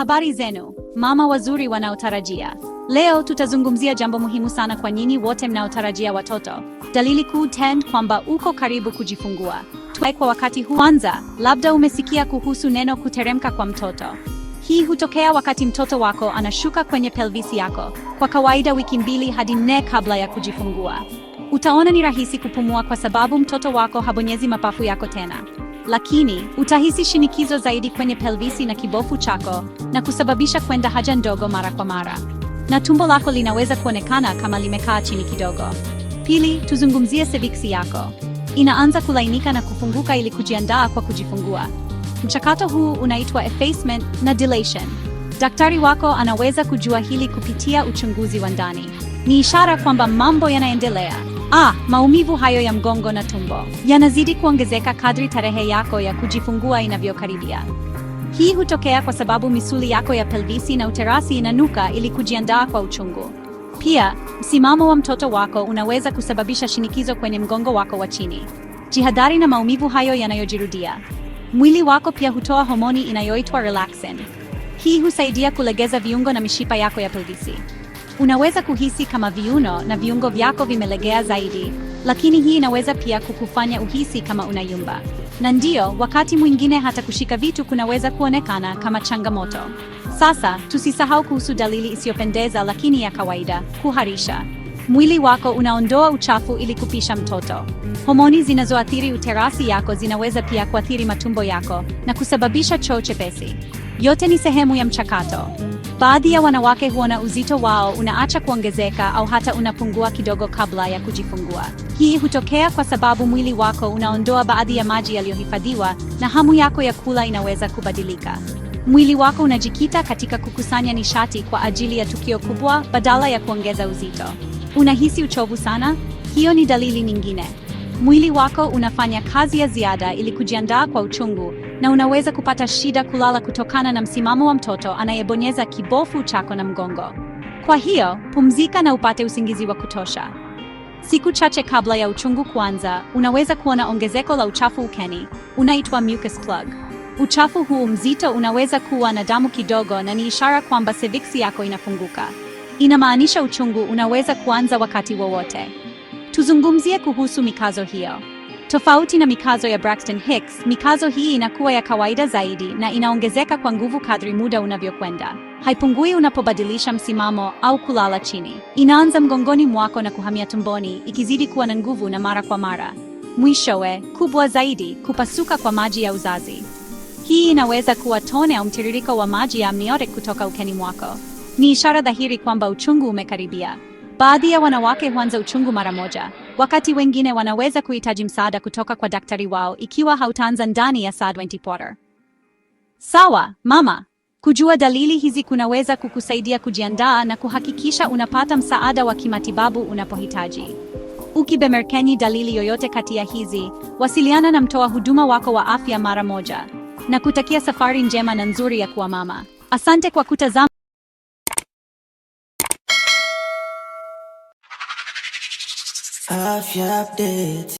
Habari zenu mama wazuri wanaotarajia. Leo tutazungumzia jambo muhimu sana kwa nyinyi wote mnaotarajia watoto, dalili kuu tend kwamba uko karibu kujifungua. Tuwe kwa wakati huu. Kwanza, labda umesikia kuhusu neno kuteremka kwa mtoto. Hii hutokea wakati mtoto wako anashuka kwenye pelvisi yako, kwa kawaida wiki mbili hadi nne kabla ya kujifungua. Utaona ni rahisi kupumua kwa sababu mtoto wako habonyezi mapafu yako tena lakini utahisi shinikizo zaidi kwenye pelvisi na kibofu chako na kusababisha kwenda haja ndogo mara kwa mara, na tumbo lako linaweza kuonekana kama limekaa chini kidogo. Pili, tuzungumzie seviksi yako. Inaanza kulainika na kufunguka ili kujiandaa kwa kujifungua. Mchakato huu unaitwa effacement na dilation. Daktari wako anaweza kujua hili kupitia uchunguzi wa ndani. Ni ishara kwamba mambo yanaendelea. Ah, maumivu hayo ya mgongo na tumbo yanazidi kuongezeka kadri tarehe yako ya kujifungua inavyokaribia. Hii hutokea kwa sababu misuli yako ya pelvisi na uterasi inanuka ili kujiandaa kwa uchungu. Pia, msimamo wa mtoto wako unaweza kusababisha shinikizo kwenye mgongo wako wa chini. Jihadhari na maumivu hayo yanayojirudia. Mwili wako pia hutoa homoni inayoitwa relaxin. Hii husaidia kulegeza viungo na mishipa yako ya pelvisi. Unaweza kuhisi kama viuno na viungo vyako vimelegea zaidi, lakini hii inaweza pia kukufanya uhisi kama unayumba, na ndiyo, wakati mwingine hata kushika vitu kunaweza kuonekana kama changamoto. Sasa tusisahau kuhusu dalili isiyopendeza lakini ya kawaida: kuharisha. Mwili wako unaondoa uchafu ili kupisha mtoto. Homoni zinazoathiri uterasi yako zinaweza pia kuathiri matumbo yako na kusababisha choo chepesi. Yote ni sehemu ya mchakato. Baadhi ya wanawake huona uzito wao unaacha kuongezeka au hata unapungua kidogo kabla ya kujifungua. Hii hutokea kwa sababu mwili wako unaondoa baadhi ya maji yaliyohifadhiwa na hamu yako ya kula inaweza kubadilika. Mwili wako unajikita katika kukusanya nishati kwa ajili ya tukio kubwa badala ya kuongeza uzito. Unahisi uchovu sana? Hiyo ni dalili nyingine. Mwili wako unafanya kazi ya ziada ili kujiandaa kwa uchungu na unaweza kupata shida kulala kutokana na msimamo wa mtoto anayebonyeza kibofu chako na mgongo. Kwa hiyo, pumzika na upate usingizi wa kutosha. Siku chache kabla ya uchungu kuanza, unaweza kuona ongezeko la uchafu ukeni, unaitwa mucus plug. Uchafu huu mzito unaweza kuwa na damu kidogo na ni ishara kwamba seviksi yako inafunguka. Inamaanisha uchungu unaweza kuanza wakati wowote. Tuzungumzie kuhusu mikazo hiyo. Tofauti na mikazo ya Braxton Hicks, mikazo hii inakuwa ya kawaida zaidi na inaongezeka kwa nguvu kadri muda unavyokwenda. Haipungui unapobadilisha msimamo au kulala chini. Inaanza mgongoni mwako na kuhamia tumboni, ikizidi kuwa na nguvu na mara kwa mara. Mwishowe, kubwa zaidi, kupasuka kwa maji ya uzazi. Hii inaweza kuwa tone au mtiririko wa maji ya amniotic kutoka ukeni mwako. Ni ishara dhahiri kwamba uchungu umekaribia. Baadhi ya wanawake huanza uchungu mara moja. Wakati wengine wanaweza kuhitaji msaada kutoka kwa daktari wao ikiwa hautaanza ndani ya saa 24. Sawa, mama. Kujua dalili hizi kunaweza kukusaidia kujiandaa na kuhakikisha unapata msaada wa kimatibabu unapohitaji. Ukibemerkenyi dalili yoyote kati ya hizi, wasiliana na mtoa huduma wako wa afya mara moja. Na kutakia safari njema na nzuri ya kuwa mama. Asante kwa kutazama. Afya update